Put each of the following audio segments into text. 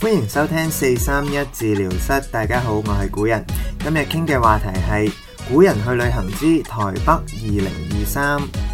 歡迎收聽四三一治療室，大家好，我係古人，今日傾嘅話題係古人去旅行之台北二零二三。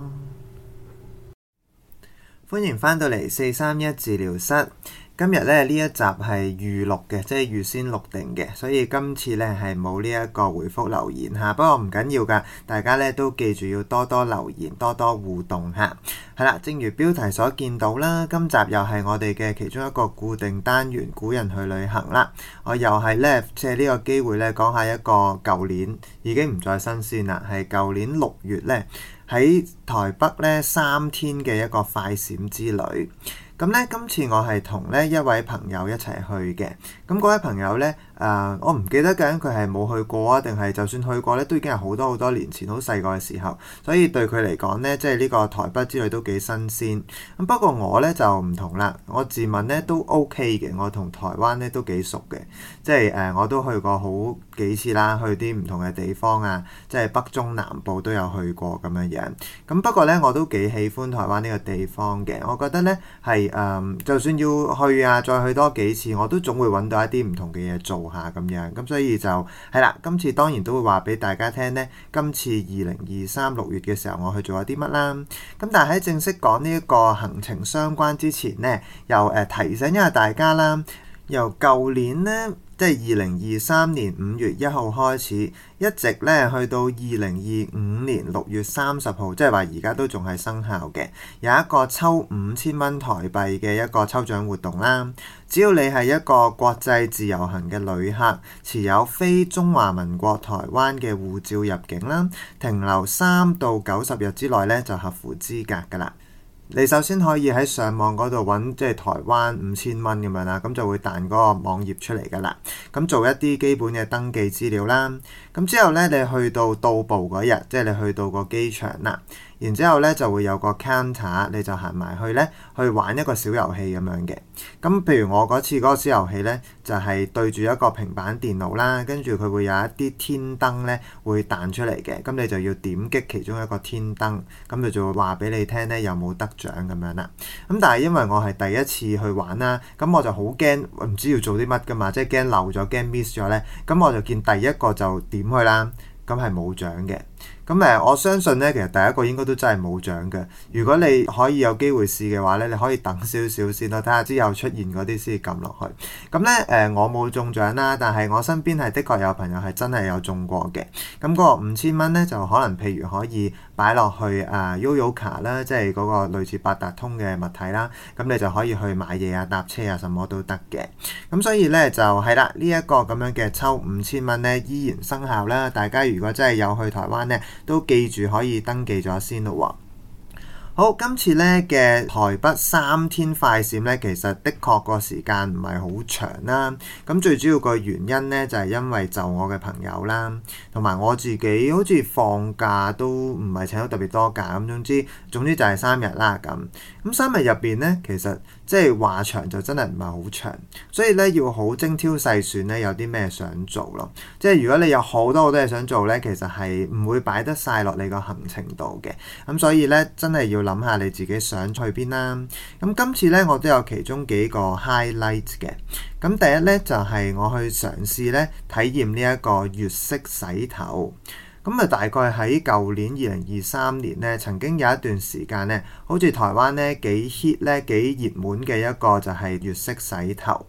歡迎翻到嚟四三一治療室。今日呢呢一集係預錄嘅，即係預先錄定嘅，所以今次呢係冇呢一個回覆留言吓。不過唔緊要㗎，大家呢都記住要多多留言，多多互動吓。係啦，正如標題所見到啦，今集又係我哋嘅其中一個固定單元——古人去旅行啦。我又係呢借呢個機會呢講下一個舊年已經唔再新鮮啦，係舊年六月呢喺台北呢三天嘅一個快閃之旅。咁呢，今次我係同呢一位朋友一齊去嘅，咁嗰位朋友呢？誒，uh, 我唔記得緊佢係冇去過啊，定係就算去過呢，都已經係好多好多年前好細個嘅時候。所以對佢嚟講呢，即係呢個台北之旅都幾新鮮。咁不過我呢，就唔同啦，我自問呢，都 OK 嘅，我同台灣呢，都幾熟嘅。即係誒，uh, 我都去過好幾次啦，去啲唔同嘅地方啊，即係北中南部都有去過咁樣樣。咁不過呢，我都幾喜歡台灣呢個地方嘅。我覺得呢，係誒，um, 就算要去啊，再去多幾次，我都總會揾到一啲唔同嘅嘢做。下咁樣，咁、嗯、所以就係啦。今次當然都會話俾大家聽呢。今次二零二三六月嘅時候，我去做咗啲乜啦？咁但係喺正式講呢一個行程相關之前呢，又誒、呃、提醒一下大家啦。由舊年呢，即係二零二三年五月一號開始，一直呢去到二零二五年六月三十號，即係話而家都仲係生效嘅，有一個抽五千蚊台幣嘅一個抽獎活動啦。只要你係一個國際自由行嘅旅客，持有非中華民國台灣嘅護照入境啦，停留三到九十日之內咧就合乎資格㗎啦。你首先可以喺上網嗰度揾，即係台灣五千蚊咁樣啦，咁就會彈嗰個網頁出嚟㗎啦。咁做一啲基本嘅登記資料啦。咁之後咧，你去到到埗嗰日，即係你去到個機場啦。然之後咧就會有個 counter，你就行埋去咧，去玩一個小遊戲咁樣嘅。咁譬如我嗰次嗰個小遊戲咧，就係對住一個平板電腦啦，跟住佢會有一啲天燈咧會彈出嚟嘅。咁你就要點擊其中一個天燈，咁佢就會話俾你聽咧，有冇得獎咁樣啦。咁但係因為我係第一次去玩啦，咁我就好驚唔知要做啲乜噶嘛，即係驚漏咗，驚 miss 咗咧。咁我就見第一個就點去啦，咁係冇獎嘅。咁誒，我相信咧，其實第一個應該都真係冇獎嘅。如果你可以有機會試嘅話咧，你可以等少少先咯，睇下之後出現嗰啲先撳落去。咁咧誒，我冇中獎啦，但係我身邊係的確有朋友係真係有中過嘅。咁個五千蚊咧，就可能譬如可以。擺落去啊、uh, Yoyo 卡啦，即係嗰個類似八達通嘅物體啦，咁你就可以去買嘢啊、搭車啊，什麼都得嘅。咁所以呢，就係啦，呢一、個咁樣嘅抽五千蚊呢，依然生效啦。大家如果真係有去台灣呢，都記住可以登記咗先喎。好，今次呢嘅台北三天快閃呢，其實的確個時間唔係好長啦。咁最主要個原因呢，就係因為就我嘅朋友啦，同埋我自己好似放假都唔係請到特別多假。咁總之總之就係三日啦咁。咁三日入邊呢，其實即係話長就真係唔係好長，所以呢要好精挑細選呢有啲咩想做咯。即係如果你有好多好多嘢想做呢，其實係唔會擺得晒落你個行程度嘅。咁所以呢，真係要諗下你自己想去邊啦。咁今次呢，我都有其中幾個 highlight 嘅。咁第一呢，就係、是、我去嘗試呢體驗呢一個越式洗頭。咁啊，大概喺舊年二零二三年呢，曾經有一段時間呢，好似台灣呢幾 hit 咧，幾熱門嘅一個就係越式洗頭。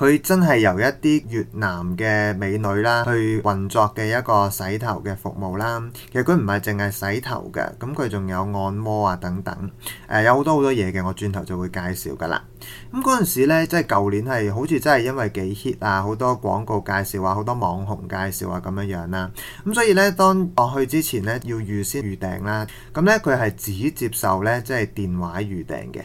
佢真係由一啲越南嘅美女啦，去運作嘅一個洗頭嘅服務啦。其實佢唔係淨係洗頭嘅，咁佢仲有按摩啊等等。誒、呃、有好多好多嘢嘅，我轉頭就會介紹噶啦。咁嗰陣時呢，即係舊年係好似真係因為幾 hit 啊，好多廣告介紹啊，好多網紅介紹啊咁樣樣啦、啊。咁所以呢，當我去之前呢，要預先預訂啦。咁呢，佢係只接受呢，即係電話預訂嘅。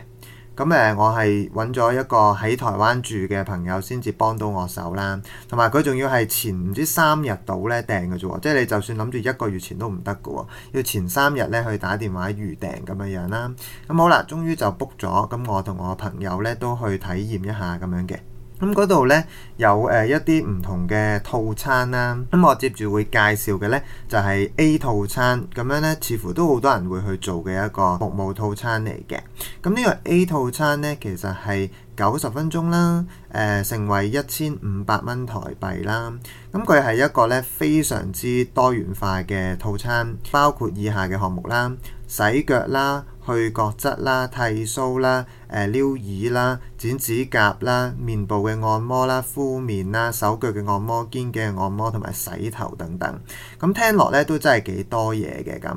咁誒，我係揾咗一個喺台灣住嘅朋友先至幫到我手啦，同埋佢仲要係前唔知三日到呢訂嘅啫喎，即係你就算諗住一個月前都唔得㗎喎，要前三日呢去打電話預訂咁樣樣啦。咁好啦，終於就 book 咗，咁我同我朋友呢都去體驗一下咁樣嘅。咁嗰度呢，有誒、呃、一啲唔同嘅套餐啦，咁、嗯、我接住會介紹嘅呢，就係、是、A 套餐，咁樣呢，似乎都好多人會去做嘅一個服務套餐嚟嘅。咁、嗯、呢、呢個 A 套餐呢，其實係九十分鐘啦，誒、呃、成為一千五百蚊台幣啦。咁佢係一個呢非常之多元化嘅套餐，包括以下嘅項目啦，洗腳啦。去角質啦、剃鬚啦、誒撩耳啦、剪指甲啦、面部嘅按摩啦、敷面啦、手腳嘅按摩、肩頸嘅按摩同埋洗頭等等，咁聽落咧都真係幾多嘢嘅咁。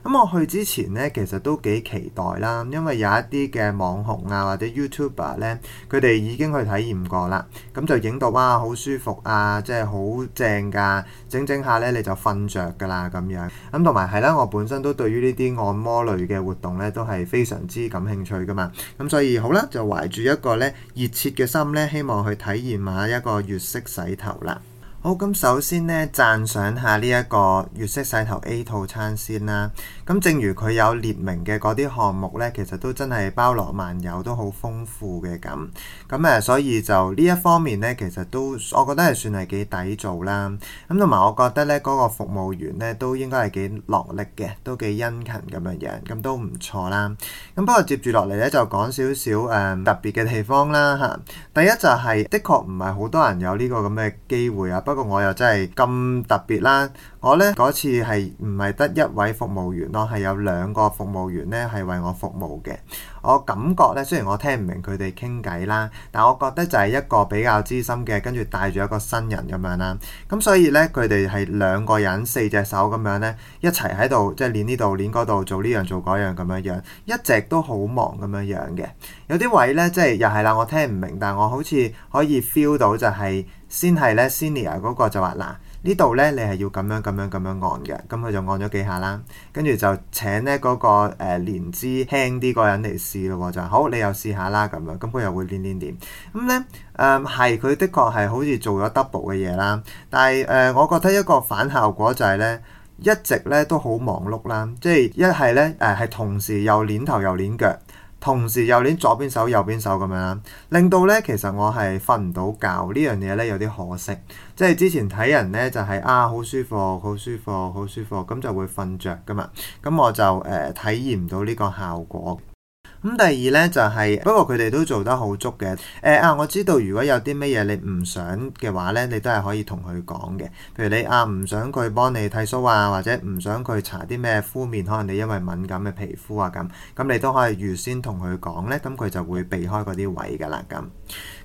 咁我去之前咧，其實都幾期待啦，因為有一啲嘅網紅啊或者 YouTuber 咧，佢哋已經去體驗過啦，咁就影到哇好舒服啊，即係好正㗎，整整下咧你就瞓著㗎啦咁樣。咁同埋係啦，我本身都對於呢啲按摩類嘅活動咧。都係非常之感興趣噶嘛，咁所以好啦，就懷住一個呢熱切嘅心呢，希望去體驗下一個越式洗頭啦。好，咁首先呢，讚賞下呢一個越式洗頭 A 套餐先啦。咁正如佢有列明嘅嗰啲項目咧，其實都真係包羅萬有，都好豐富嘅咁。咁誒，所以就呢一方面咧，其實都我覺得係算係幾抵做啦。咁同埋我覺得咧，嗰個服務員咧都應該係幾落力嘅，都幾殷勤咁樣樣，咁都唔錯啦。咁不過接住落嚟咧，就講少少誒特別嘅地方啦吓，第一就係的確唔係好多人有呢個咁嘅機會啊。不過我又真係咁特別啦。我咧嗰次係唔係得一位服務員。我係有兩個服務員咧，係為我服務嘅。我感覺咧，雖然我聽唔明佢哋傾偈啦，但我覺得就係一個比較資深嘅，跟住帶住一個新人咁樣啦。咁所以咧，佢哋係兩個人四隻手咁樣咧，一齊喺度即係練呢度練嗰度，做呢樣做嗰樣咁樣樣，一直都好忙咁樣樣嘅。有啲位咧，即係又係啦，我聽唔明，但係我好似可以 feel 到就係先係咧 senior 嗰個就話嗱。呢度呢，你係要咁樣咁樣咁樣按嘅，咁、嗯、佢就按咗幾下啦，跟住就請呢嗰、那個誒年資輕啲個人嚟試咯喎，就好，你又試下啦咁樣，咁佢又會點點點，咁、嗯、呢，誒係佢的確係好似做咗 double 嘅嘢啦，但係誒、呃、我覺得一個反效果就係呢，一直呢都好忙碌啦，即係一係呢，誒、呃、係同時又捻頭又捻腳。同時又連左邊手右邊手咁樣，令到咧其實我係瞓唔到覺，樣呢樣嘢咧有啲可惜，即係之前睇人咧就係、是、啊好舒服好舒服好舒服咁就會瞓着噶嘛，咁我就誒、呃、體驗唔到呢個效果。咁第二呢，就係、是，不過佢哋都做得好足嘅。誒、呃、啊，我知道如果有啲咩嘢你唔想嘅話呢，你都係可以同佢講嘅。譬如你啊，唔想佢幫你剃鬚啊，或者唔想佢搽啲咩敷面，可能你因為敏感嘅皮膚啊咁，咁你都可以預先同佢講呢，咁佢就會避開嗰啲位噶啦咁。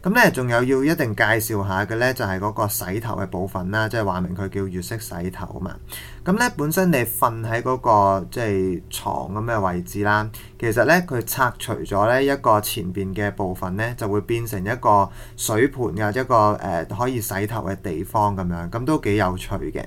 咁咧仲有要一定介紹下嘅咧，就係、是、嗰個洗頭嘅部分啦，即係話明佢叫越式洗頭啊嘛。咁咧本身你瞓喺嗰個即係床咁嘅位置啦，其實咧佢拆除咗呢一個前邊嘅部分咧，就會變成一個水盤嘅一個誒、呃、可以洗頭嘅地方咁樣，咁都幾有趣嘅。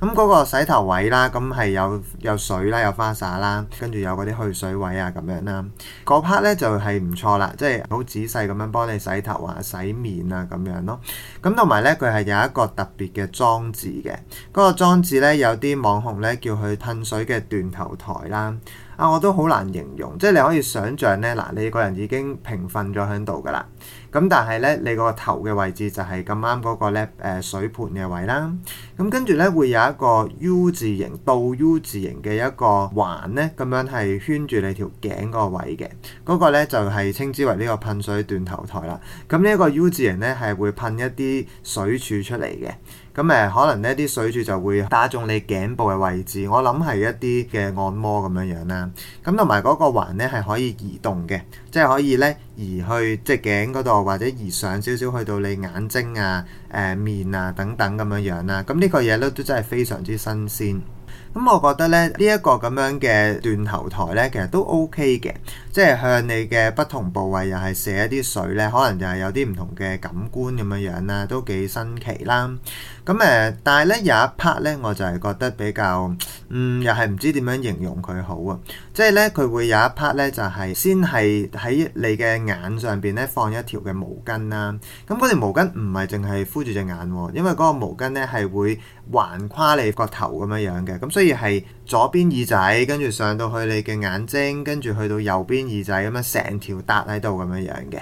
咁嗰個洗頭位啦，咁係有有水啦，有花灑啦，跟住有嗰啲去水位啊咁樣啦。嗰 part 咧就係、是、唔錯啦，即係好仔細咁樣幫你洗頭啊。洗面啊咁樣咯，咁同埋呢，佢係有一個特別嘅裝置嘅，嗰、嗰個裝置呢，有啲網紅呢，叫佢噴水嘅斷頭台啦，啊我都好難形容，即係你可以想像呢，嗱，你個人已經平瞓咗喺度噶啦，咁但係呢，你個頭嘅位置就係咁啱嗰個呢、呃、水盤嘅位啦。咁跟住咧，會有一個 U 字形到 U 字形嘅一個環咧，咁樣係圈住你條頸個位嘅，個咧就係稱之為呢個噴水斷頭台啦。咁呢一個 U 字形咧係會噴一啲水柱出嚟嘅，咁，誒可能呢啲水柱就會打中你頸部嘅位置，我諗係一啲嘅按摩咁樣樣啦。咁同埋個環咧係可以移動嘅即係可以咧移去即係頸度，或者移上少少去到你眼睛啊、誒、面啊等等咁樣樣啦。咁呢？呢個嘢咧都真係非常之新鮮，咁我覺得咧呢一個咁樣嘅斷頭台咧，其實都 OK 嘅。即係向你嘅不同部位又係射一啲水咧，可能就係有啲唔同嘅感官咁樣樣啦，都幾新奇啦。咁誒，但係咧有一 part 咧，我就係覺得比較，嗯，又係唔知點樣形容佢好啊。即係咧，佢會有一 part 咧，就係先係喺你嘅眼上邊咧放一條嘅毛巾啦。咁嗰條毛巾唔係淨係敷住隻眼，因為嗰個毛巾咧係會橫跨你個頭咁樣樣嘅。咁所以係左邊耳仔，跟住上到去你嘅眼睛，跟住去到右邊。耳仔咁樣成條搭喺度咁樣樣嘅，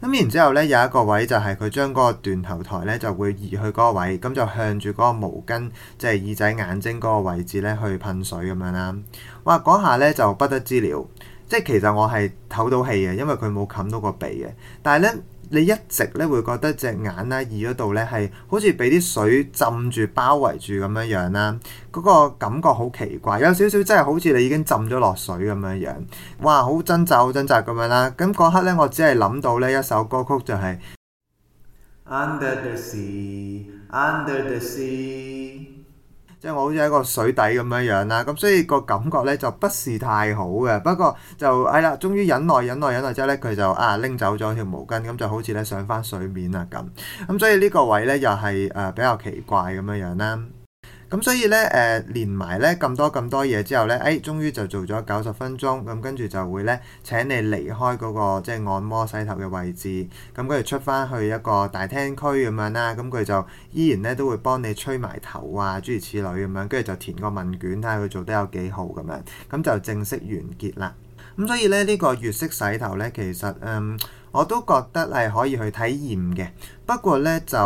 咁然之後呢，有一個位就係佢將嗰個斷頭台呢就會移去嗰個位，咁就向住嗰個毛巾即係、就是、耳仔眼睛嗰個位置呢去噴水咁樣啦。哇！嗰下呢就不得之了，即係其實我係透到氣嘅，因為佢冇冚到個鼻嘅，但係呢。你一直咧會覺得隻眼呢、耳嗰度咧係好似俾啲水浸住、包圍住咁樣樣啦，嗰個感覺好奇怪，有少少真係好似你已經浸咗落水咁樣樣，哇！好掙扎、好掙扎咁樣啦，咁嗰刻咧我只係諗到呢一首歌曲就係 Under the Sea，Under the Sea。即係我好似喺個水底咁樣樣啦，咁所以個感覺咧就不是太好嘅。不過就係啦，終於忍耐、忍耐、忍耐之後咧，佢就啊拎走咗條毛巾，咁就好似咧上返水面啦咁。咁所以呢個位咧又係誒、呃、比較奇怪咁樣樣啦。咁所以咧，誒、呃、連埋咧咁多咁多嘢之後咧，哎，終於就做咗九十分鐘。咁跟住就會咧請你離開嗰、那個即係、就是、按摩洗頭嘅位置。咁跟住出翻去一個大廳區咁樣啦。咁佢就依然咧都會幫你吹埋頭啊，諸如此類咁樣。跟住就填個問卷，睇下佢做得有幾好咁樣。咁就正式完結啦。咁所以咧呢、這個越式洗頭咧，其實嗯我都覺得係可以去體驗嘅。不過咧就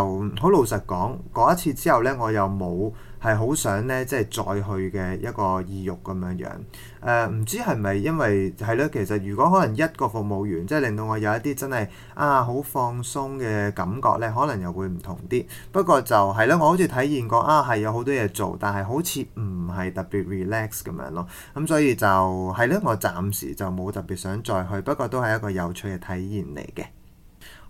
好老實講，嗰一次之後咧，我又冇係好想咧，即係再去嘅一個意欲咁樣樣誒，唔、呃、知係咪因為係咯？其實如果可能一個服務員即係令到我有一啲真係啊好放鬆嘅感覺咧，可能又會唔同啲。不過就係、是、咧，我好似體驗過啊，係有好多嘢做，但係好似唔係特別 relax 咁樣咯。咁、嗯、所以就係咧，我暫時就冇特別想再去，不過都係一個有趣嘅體驗嚟嘅。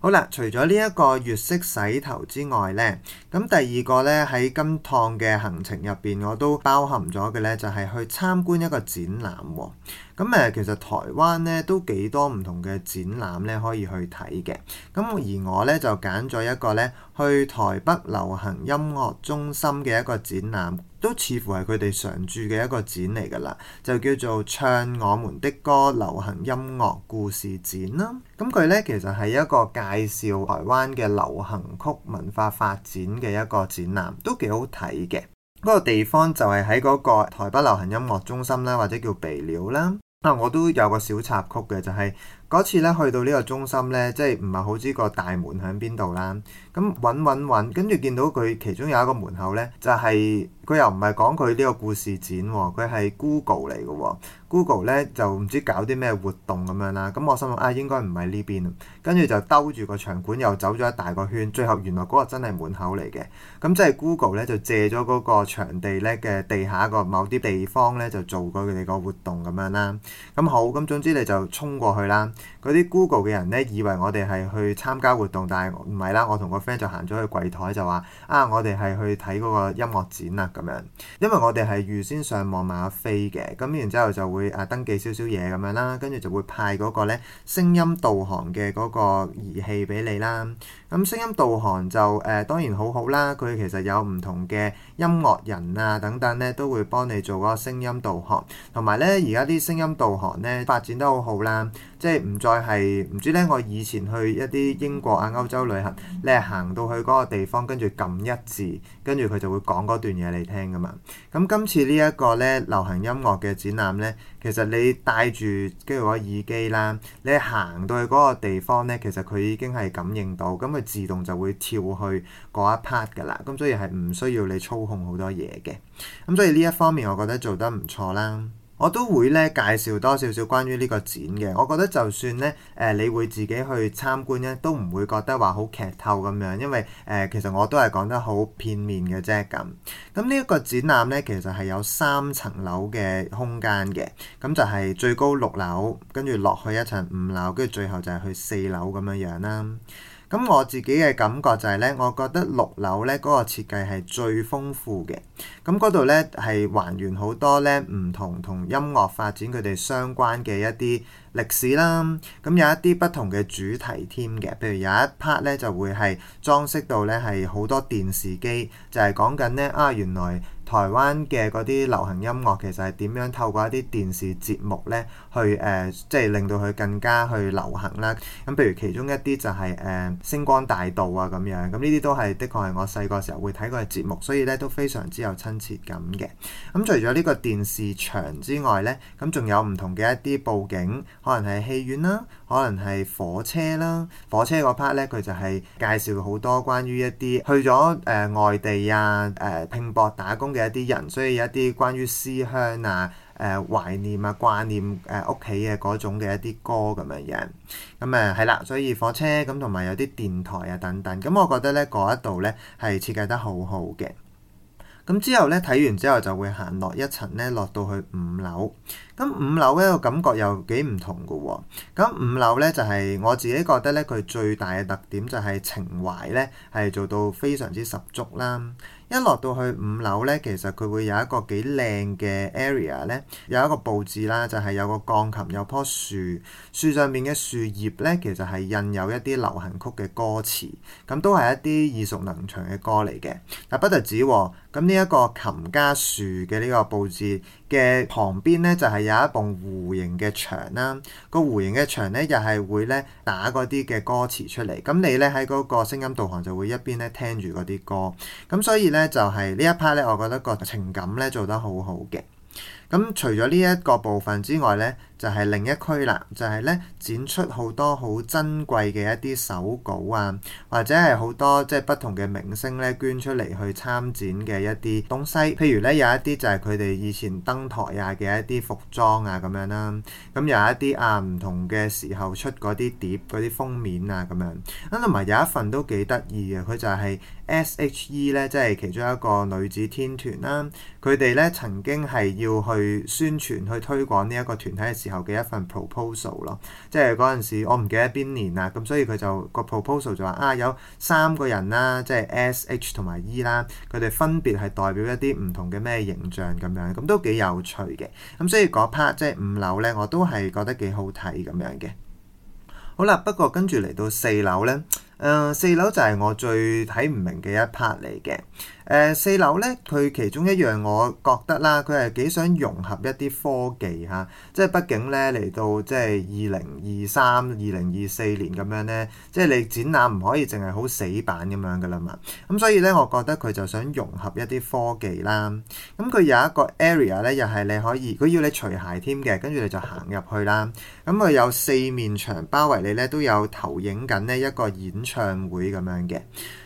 好啦，除咗呢一個越式洗頭之外呢，咁第二個呢，喺今趟嘅行程入邊，我都包含咗嘅呢，就係、是、去參觀一個展覽，哦。咁誒，其實台灣咧都幾多唔同嘅展覽咧可以去睇嘅。咁而我咧就揀咗一個咧，去台北流行音樂中心嘅一個展覽，都似乎係佢哋常駐嘅一個展嚟㗎啦，就叫做《唱我們的歌：流行音樂故事展》啦。咁佢咧其實係一個介紹台灣嘅流行曲文化發展嘅一個展覽，都幾好睇嘅。嗰個地方就係喺嗰個台北流行音樂中心啦，或者叫北流啦。啊，我都有個小插曲嘅，就係、是。嗰次咧去到呢個中心咧，即係唔係好知個大門喺邊度啦？咁揾揾揾，跟住見到佢其中有一個門口咧，就係佢又唔係講佢呢個故事展，佢係 Google 嚟嘅。Google 咧就唔知搞啲咩活動咁樣啦。咁我心諗啊，應該唔係呢邊。跟住就兜住個場館又走咗一大個圈，最後原來嗰個真係門口嚟嘅。咁即係 Google 咧就借咗嗰個場地咧嘅地下個某啲地方咧就做過佢哋個活動咁樣啦。咁好，咁總之你就衝過去啦。嗰啲 Google 嘅人咧，以為我哋係去參加活動，但係唔係啦。我同個 friend 就行咗去櫃台就，就話啊，我哋係去睇嗰個音樂展啊，咁樣。因為我哋係預先上網買咗飛嘅，咁然之後就會啊登記少少嘢咁樣啦，跟住就會派嗰個咧聲音導航嘅嗰個儀器俾你啦。咁、嗯、聲音導航就誒、呃、當然好好啦，佢其實有唔同嘅音樂人啊等等咧，都會幫你做嗰個聲音導航。同埋咧，而家啲聲音導航咧發展得好好啦，即係唔再係唔知咧，我以前去一啲英國啊、歐洲旅行，你係行到去嗰個地方，跟住撳一字，跟住佢就會講嗰段嘢你聽噶嘛。咁今次呢一個咧流行音樂嘅展覽咧，其實你帶住跟住嗰個耳機啦，你行到去嗰個地方咧，其實佢已經係感應到，咁佢自動就會跳去嗰一 part 噶啦。咁所以係唔需要你操控好多嘢嘅。咁所以呢一方面，我覺得做得唔錯啦。我都會咧介紹多少少關於呢個展嘅，我覺得就算呢，誒、呃，你會自己去參觀咧，都唔會覺得話好劇透咁樣，因為誒、呃、其實我都係講得好片面嘅啫咁。咁呢一個展覽呢，其實係有三層樓嘅空間嘅，咁就係最高六樓，跟住落去一層五樓，跟住最後就係去四樓咁樣樣啦。咁我自己嘅感覺就係呢，我覺得六樓呢嗰個設計係最豐富嘅。咁嗰度呢係還原好多呢唔同同音樂發展佢哋相關嘅一啲歷史啦。咁有一啲不同嘅主題添嘅，譬如有一 part 呢就會係裝飾到呢係好多電視機，就係講緊呢啊原來。台灣嘅嗰啲流行音樂其實係點樣透過一啲電視節目呢去誒，即、呃、係、就是、令到佢更加去流行啦。咁譬如其中一啲就係、是、誒、呃《星光大道》啊咁樣，咁呢啲都係的確係我細個時候會睇過嘅節目，所以呢都非常之有親切感嘅。咁除咗呢個電視牆之外呢，咁仲有唔同嘅一啲佈景，可能係戲院啦，可能係火車啦。火車嗰 part 呢，佢就係介紹好多關於一啲去咗誒、呃、外地啊、誒、呃、拼搏打工嘅一啲人，所以有一啲關於思鄉啊、誒、呃、懷念啊、掛念誒屋企嘅嗰種嘅一啲歌咁樣嘢，咁啊係啦，所以火車咁同埋有啲電台啊等等，咁我覺得咧嗰一度咧係設計得好好嘅。咁之後咧睇完之後就會行落一層咧，落到去五樓。咁五樓咧個感覺又幾唔同㗎喎、啊。咁五樓咧就係、是、我自己覺得咧，佢最大嘅特點就係情懷咧係做到非常之十足啦。一落到去五樓呢，其實佢會有一個幾靚嘅 area 呢，有一個佈置啦，就係有個鋼琴，有棵樹，樹上面嘅樹葉呢，其實係印有一啲流行曲嘅歌詞，咁都係一啲耳熟能詳嘅歌嚟嘅。不但不得止喎，咁呢一個琴加樹嘅呢個佈置嘅旁邊呢，就係有一棟弧形嘅牆啦，個弧形嘅牆呢，又係會呢打嗰啲嘅歌詞出嚟，咁你呢喺嗰個聲音導航就會一邊呢聽住嗰啲歌，咁所以呢，就係呢一 part 呢，我覺得個情感呢，做得好好嘅。咁除咗呢一個部分之外咧，就係另一區啦，就係咧展出好多好珍貴嘅一啲手稿啊，或者係好多即係不同嘅明星咧捐出嚟去參展嘅一啲東西。譬如咧有一啲就係佢哋以前登台啊嘅一啲服裝啊咁樣啦。咁又有一啲啊唔同嘅時候出嗰啲碟嗰啲封面啊咁樣。咁同埋有一份都幾得意嘅，佢就係 S.H.E 咧，即係其中一個女子天團啦。佢哋咧曾經係要去，去宣傳去推廣呢一個團體嘅時候嘅一份 proposal 咯，即係嗰陣時我唔記得邊年啦，咁所以佢就個 proposal 就話啊有三個人啦，即係 S、H 同埋 E 啦，佢哋分別係代表一啲唔同嘅咩形象咁樣，咁都幾有趣嘅，咁所以嗰 part 即係五樓呢，我都係覺得幾好睇咁樣嘅。好啦，不過跟住嚟到四樓呢，誒、呃、四樓就係我最睇唔明嘅一 part 嚟嘅。誒、呃、四樓呢，佢其中一樣，我覺得啦，佢係幾想融合一啲科技嚇、啊，即係畢竟呢，嚟到即係二零二三、二零二四年咁樣呢，即係你展覽唔可以淨係好死板咁樣㗎喇嘛。咁、啊、所以呢，我覺得佢就想融合一啲科技啦。咁、啊、佢有一個 area 呢，又係你可以，佢要你除鞋添嘅，跟住你就行入去啦。咁、啊、佢有四面牆包圍你呢都有投影緊呢一個演唱會咁樣嘅。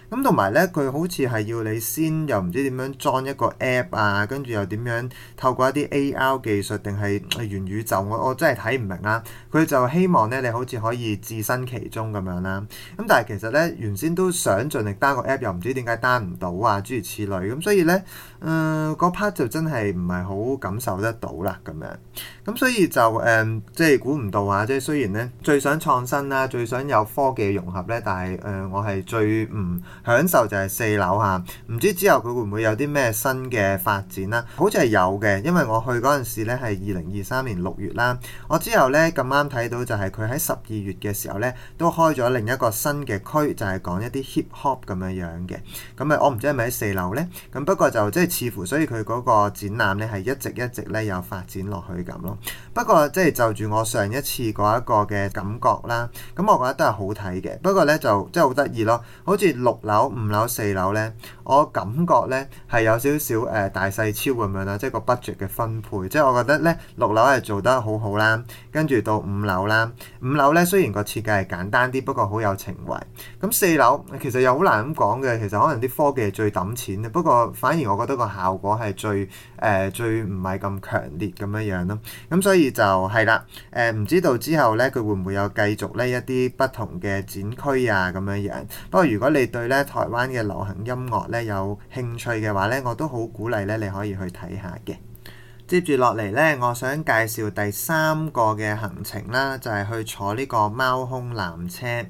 咁同埋咧，佢好似係要你先又唔知點樣裝一個 app 啊，跟住又點樣透過一啲 AR 技術定係、呃、元宇宙，我我真係睇唔明啦、啊。佢就希望咧，你好似可以置身其中咁樣啦、啊。咁但係其實咧，原先都想盡力 down 個 app，又唔知點解 down 唔到啊諸如此類。咁所以咧，誒、嗰、part 就真係唔係好感受得到啦咁樣。咁所以就誒，即係估唔到啊！即、就、係、是、雖然咧，最想創新啦、啊，最想有科技融合咧、啊，但係誒、呃、我係最唔～享受就係四樓嚇，唔知之後佢會唔會有啲咩新嘅發展啦？好似係有嘅，因為我去嗰陣時呢係二零二三年六月啦。我之後呢，咁啱睇到就係佢喺十二月嘅時候呢，都開咗另一個新嘅區，就係講一啲 hip hop 咁樣樣嘅。咁啊，我唔知係咪喺四樓呢？咁不過就即係似乎所以佢嗰個展覽呢係一直一直呢有發展落去咁咯。不過即係就住我上一次嗰一個嘅感覺啦。咁我覺得都係好睇嘅。不過呢，就真係好得意咯，好似六樓。九、五樓、四樓咧，我感覺咧係有少少誒大細超咁樣啦，即係個 budget 嘅分配。即係我覺得咧，六樓係做得好好啦，跟住到五樓啦，五樓咧雖然個設計係簡單啲，不過好有情懷。咁四樓其實又好難咁講嘅，其實可能啲科技係最揼錢嘅，不過反而我覺得個效果係最誒最唔係咁強烈咁樣樣咯。咁所以就係啦，誒唔知道之後咧佢會唔會有繼續咧一啲不同嘅展區啊咁樣樣。不過如果你對咧～台灣嘅流行音樂呢，有興趣嘅話呢，我都好鼓勵咧，你可以去睇下嘅。接住落嚟呢，我想介紹第三個嘅行程啦，就係去坐呢個貓空纜車。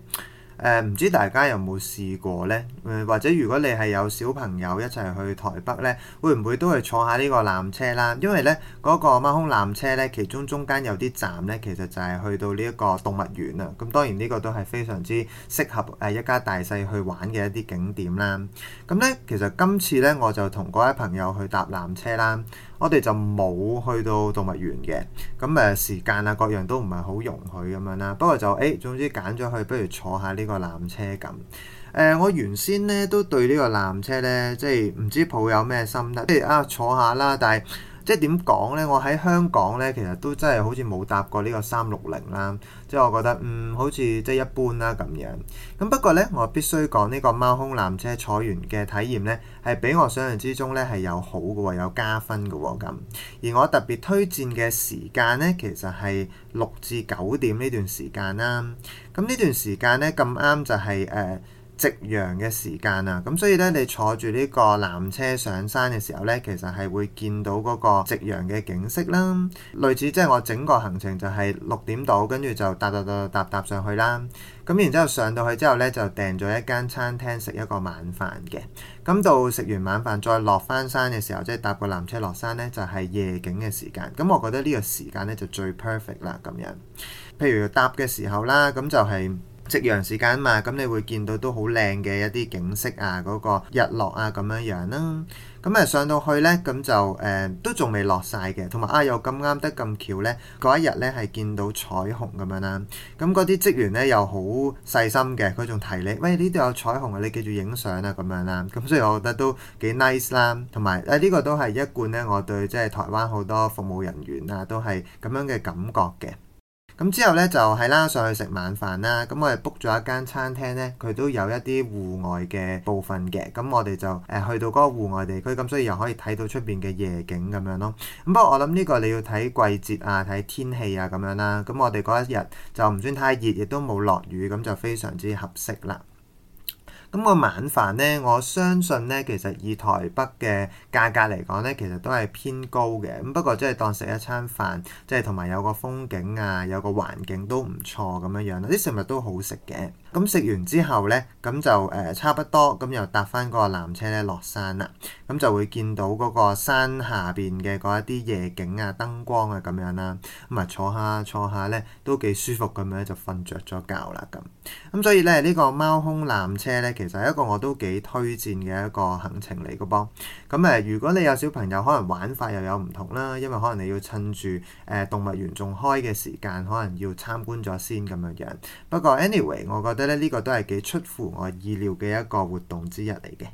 誒唔、呃、知大家有冇試過呢？誒、呃、或者如果你係有小朋友一齊去台北呢，會唔會都去坐下呢個纜車啦？因為呢嗰、嗰個貓空、ah、纜車呢，其中中間有啲站呢，其實就係去到呢一個動物園啊！咁當然呢個都係非常之適合誒一家大細去玩嘅一啲景點啦。咁呢，其實今次呢，我就同嗰位朋友去搭纜車啦。我哋就冇去到動物園嘅，咁誒時間啊，各樣都唔係好容許咁樣啦。不過就誒、哎、總之揀咗去，不如坐下呢個纜車咁誒、呃。我原先呢都對呢個纜車呢，即係唔知抱有咩心得，即係啊坐下啦，但係。即係點講呢？我喺香港呢，其實都真係好似冇搭過呢個三六零啦。即係我覺得嗯，好似即係一般啦咁樣。咁不過呢，我必須講呢個貓空纜車坐完嘅體驗呢，係比我想像之中呢係有好嘅喎，有加分嘅喎咁。而我特別推薦嘅時間呢，其實係六至九點呢段時間啦。咁呢段時間呢，咁啱就係、是、誒。呃夕陽嘅時間啊，咁所以呢，你坐住呢個纜車上山嘅時候呢，其實係會見到嗰個夕陽嘅景色啦。類似即係我整個行程就係六點到，跟住就搭搭搭搭搭上去啦。咁然之後上到去之後呢，就訂咗一間餐廳食一個晚飯嘅。咁到食完晚飯再落返山嘅時候，即係搭個纜車落山呢，就係、是、夜景嘅時間。咁我覺得呢個時間呢，就最 perfect 啦。咁樣，譬如搭嘅時候啦，咁就係、是。夕陽時間嘛，咁你會見到都好靚嘅一啲景色啊，嗰、那個日落啊咁樣樣、啊、啦。咁啊上到去呢，咁就誒、呃、都仲未落晒嘅，同埋啊又咁啱得咁巧呢。嗰一日呢，係見到彩虹咁樣啦、啊。咁嗰啲職員呢，又好細心嘅，佢仲提你，喂呢度有彩虹啊，你記住影相啊咁樣啦、啊。咁所以我覺得都幾 nice 啦，同埋誒呢個都係一貫呢，我對即係台灣好多服務人員啊，都係咁樣嘅感覺嘅。咁之後呢，就係啦，上去食晚飯啦。咁我哋 book 咗一間餐廳呢，佢都有一啲戶外嘅部分嘅。咁我哋就誒、呃、去到嗰個戶外地區，咁所以又可以睇到出邊嘅夜景咁樣咯。咁不過我諗呢個你要睇季節啊，睇天氣啊咁樣啦。咁我哋嗰一日就唔算太熱，亦都冇落雨，咁就非常之合適啦。咁個晚飯咧，我相信咧，其實以台北嘅價格嚟講咧，其實都係偏高嘅。咁不過即係當食一餐飯，即係同埋有個風景啊，有個環境都唔錯咁樣樣啦。啲食物都好食嘅。咁食完之後呢，咁就誒，差不多，咁又搭返個纜車呢落山啦。咁就會見到嗰個山下邊嘅嗰一啲夜景啊、燈光啊咁樣啦。咁啊，坐下坐下呢都幾舒服，咁樣就瞓著咗覺啦咁。咁所以呢，呢個貓空纜車呢，其實係一個我都幾推薦嘅一個行程嚟嘅噃。咁誒，如果你有小朋友，可能玩法又有唔同啦，因為可能你要趁住誒動物園仲開嘅時間，可能要參觀咗先咁樣樣。不過 anyway，我覺得。呢個都係幾出乎我意料嘅一個活動之一嚟嘅。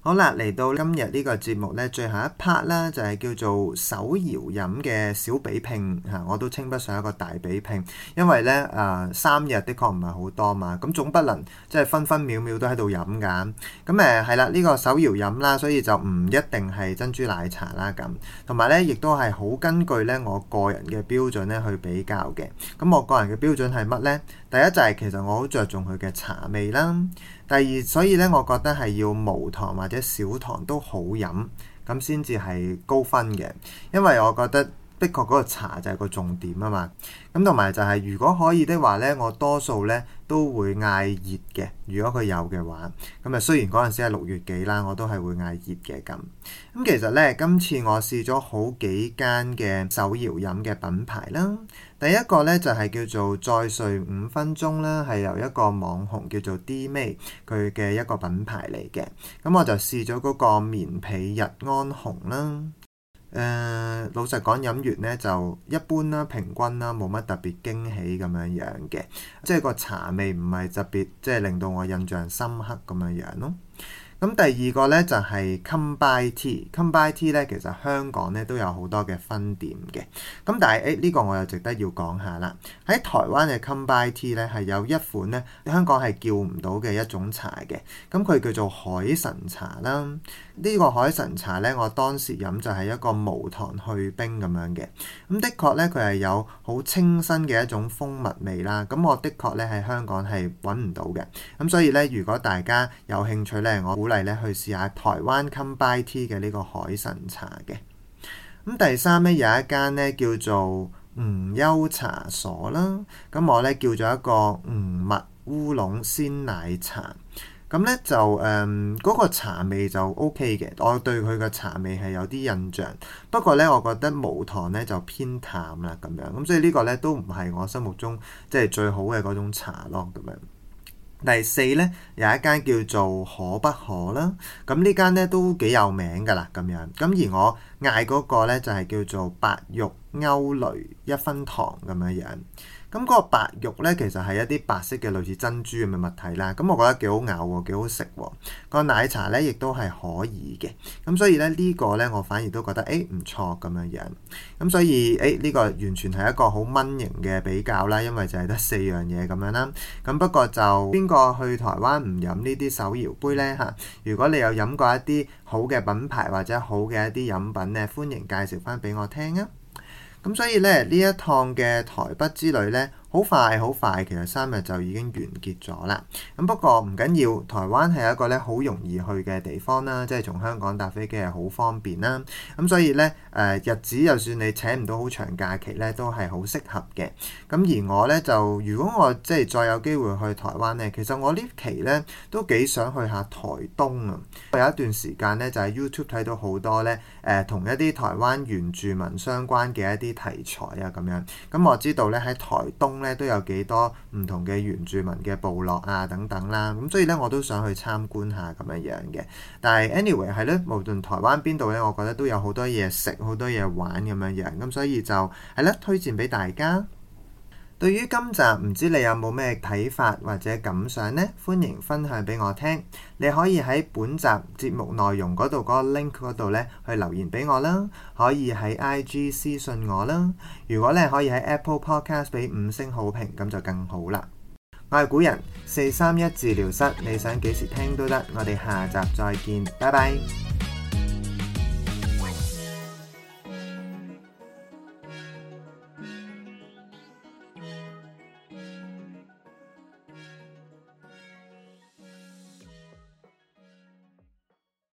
好啦，嚟到今日呢個節目呢，最後一 part 啦，就係、是、叫做手搖飲嘅小比拼嚇，我都稱不上一個大比拼，因為呢誒、呃、三日的確唔係好多嘛。咁總不能即係分分秒秒都喺度飲㗎。咁誒係啦，呢、嗯這個手搖飲啦，所以就唔一定係珍珠奶茶啦咁。同埋呢，亦都係好根據呢我個人嘅標準呢去比較嘅。咁我個人嘅標準係乜呢？第一就係其實我好着重佢嘅茶味啦。第二，所以咧我覺得係要無糖或者少糖都好飲，咁先至係高分嘅。因為我覺得的確嗰個茶就係個重點啊嘛。咁同埋就係如果可以的話咧，我多數咧都會嗌熱嘅。如果佢有嘅話，咁啊雖然嗰陣時係六月幾啦，我都係會嗌熱嘅咁。咁其實咧，今次我試咗好幾間嘅手搖飲嘅品牌啦。第一個咧就係叫做再睡五分鐘啦，係由一個網紅叫做 D 妹佢嘅一個品牌嚟嘅。咁我就試咗嗰個棉被日安紅啦。誒、呃，老實講飲完呢就一般啦，平均啦，冇乜特別驚喜咁樣樣嘅。即係個茶味唔係特別，即係令到我印象深刻咁樣樣咯。咁第二個呢，就係、是、Comebuy Tea，Comebuy Tea 呢其實香港呢都有好多嘅分店嘅，咁但係誒呢個我又值得要講下啦。喺台灣嘅 Comebuy Tea 呢係有一款呢，香港係叫唔到嘅一種茶嘅，咁佢叫做海神茶啦。呢、這個海神茶呢，我當時飲就係一個無糖去冰咁樣嘅，咁的確呢，佢係有好清新嘅一種蜂蜜味啦。咁我的確呢，喺香港係揾唔到嘅，咁所以呢，如果大家有興趣呢，我鼓勵咧去試下台灣 COMEBUY 嘅呢個海神茶嘅。咁、嗯、第三呢，有一間咧叫做吳悠茶所啦。咁、嗯、我呢，叫咗一個吳麥烏龍鮮奶茶。咁、嗯、呢，就誒嗰、嗯那個茶味就 OK 嘅。我對佢嘅茶味係有啲印象。不過呢，我覺得無糖呢就偏淡啦咁樣。咁、嗯、所以呢個呢，都唔係我心目中即係最好嘅嗰種茶咯咁樣。第四呢，有一間叫做可不可啦，咁呢間呢，都幾有名噶啦咁樣，咁而我嗌嗰個呢就係叫做白玉歐蕾一分糖咁樣樣。咁嗰個白玉呢，其實係一啲白色嘅類似珍珠咁嘅物體啦。咁我覺得幾好咬喎，幾好食喎。個奶茶呢，亦都係可以嘅。咁所以呢，呢個呢，我反而都覺得誒唔錯咁樣樣。咁所以誒，呢個完全係一個好蚊型嘅比較啦，因為就係得四樣嘢咁樣啦。咁不過就邊個去台灣唔飲呢啲手搖杯呢嚇？如果你有飲過一啲好嘅品牌或者好嘅一啲飲品呢，歡迎介紹翻俾我聽啊！咁所以咧，呢一趟嘅台北之旅咧。好快，好快，其實三日就已經完結咗啦。咁不過唔緊要，台灣係一個咧好容易去嘅地方啦，即係從香港搭飛機係好方便啦。咁所以咧，誒、呃、日子就算你請唔到好長假期咧，都係好適合嘅。咁而我咧就，如果我即係再有機會去台灣咧，其實我呢期咧都幾想去下台東啊。我有一段時間咧就喺 YouTube 睇到好多咧誒同一啲台灣原住民相關嘅一啲題材啊咁樣，咁我知道咧喺台東咧。都有幾多唔同嘅原住民嘅部落啊等等啦，咁所以呢，我都想去參觀下咁樣樣嘅。但係 anyway 係呢，無論台灣邊度呢，我覺得都有好多嘢食，好多嘢玩咁樣樣，咁所以就係呢，推薦俾大家。對於今集唔知你有冇咩睇法或者感想呢？歡迎分享俾我聽。你可以喺本集節目內容嗰度嗰個 link 嗰度呢去留言俾我啦，可以喺 IG 私信我啦。如果你可以喺 Apple Podcast 俾五星好評，咁就更好啦。我係古人四三一治療室，你想幾時聽都得，我哋下集再見，拜拜。